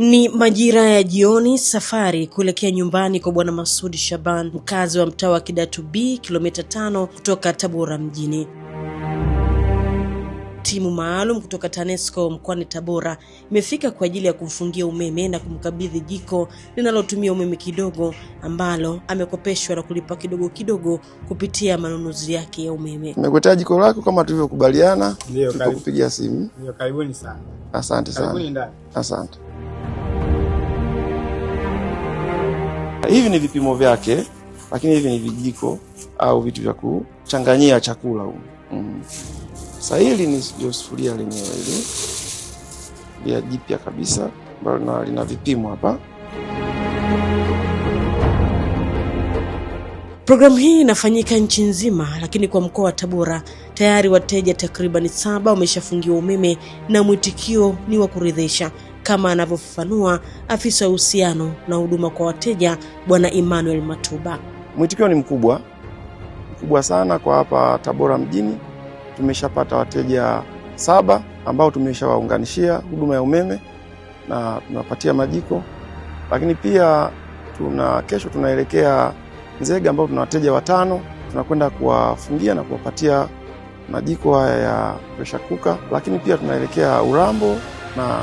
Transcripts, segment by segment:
Ni majira ya jioni. Safari kuelekea nyumbani kwa Bwana masudi Shaban, mkazi wa mtaa wa Kidatu B, kilomita tano kutoka Tabora mjini. Timu maalum kutoka TANESCO mkoani Tabora imefika kwa ajili ya kumfungia umeme na kumkabidhi jiko linalotumia umeme kidogo ambalo amekopeshwa na kulipa kidogo kidogo kupitia manunuzi yake ya umeme. Nimekuletea jiko lako kama tulivyokubaliana, tutakupigia simu. Ndio, karibuni sana. Asante sana. Karibuni ndani. Asante. Hivi ni vipimo vyake, lakini hivi ni vijiko au vitu vya kuchanganyia chakula huko. Mm. Sasa hili ni ndio sufuria lenyewe hili ya jipya kabisa ambalo lina vipimo hapa. Programu hii inafanyika nchi nzima, lakini kwa mkoa wa Tabora tayari wateja takriban saba wameshafungiwa umeme na mwitikio ni wa kuridhisha kama anavyofafanua afisa wa uhusiano na huduma kwa wateja Bwana Emmanuel Matuba. Mwitikio ni mkubwa mkubwa sana kwa hapa Tabora mjini. Tumeshapata wateja saba ambao tumeshawaunganishia huduma ya umeme na tunapatia majiko, lakini pia tuna kesho tunaelekea Nzega ambao tuna wateja watano tunakwenda kuwafungia na kuwapatia majiko haya ya presha kuka lakini pia tunaelekea Urambo na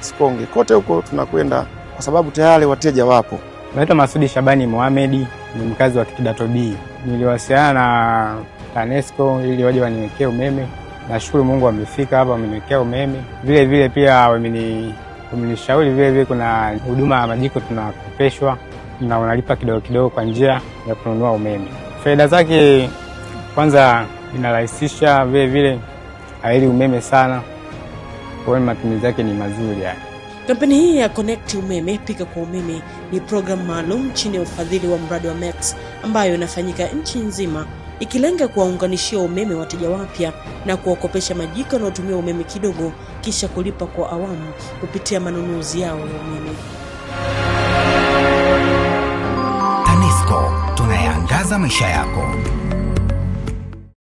Sikonge kote huko tunakwenda kwa sababu tayari wateja wapo. Naitwa Masudi Shabani Mohamedi, ni mkazi wa Kidato B. Niliwasiliana na TANESCO ili waje waniwekee umeme. Nashukuru Mungu amefika hapa, wameniwekea umeme. Vile vile pia wamenishauri vile vile, kuna huduma ya majiko tunakopeshwa na unalipa kidogo kidogo kwa njia ya kununua umeme. Faida zake kwanza, inarahisisha vile vile, haili umeme sana kwa hiyo matumizi yake ni mazuri haya Kampeni hii ya Connect Umeme Pika kwa Umeme ni programu maalum chini ya ufadhili wa mradi wa max ambayo inafanyika nchi nzima ikilenga kuwaunganishia umeme wateja wapya na kuwakopesha majiko yanayotumia umeme kidogo kisha kulipa kwa awamu kupitia manunuzi yao ya umeme. TANESCO tunayaangaza maisha yako.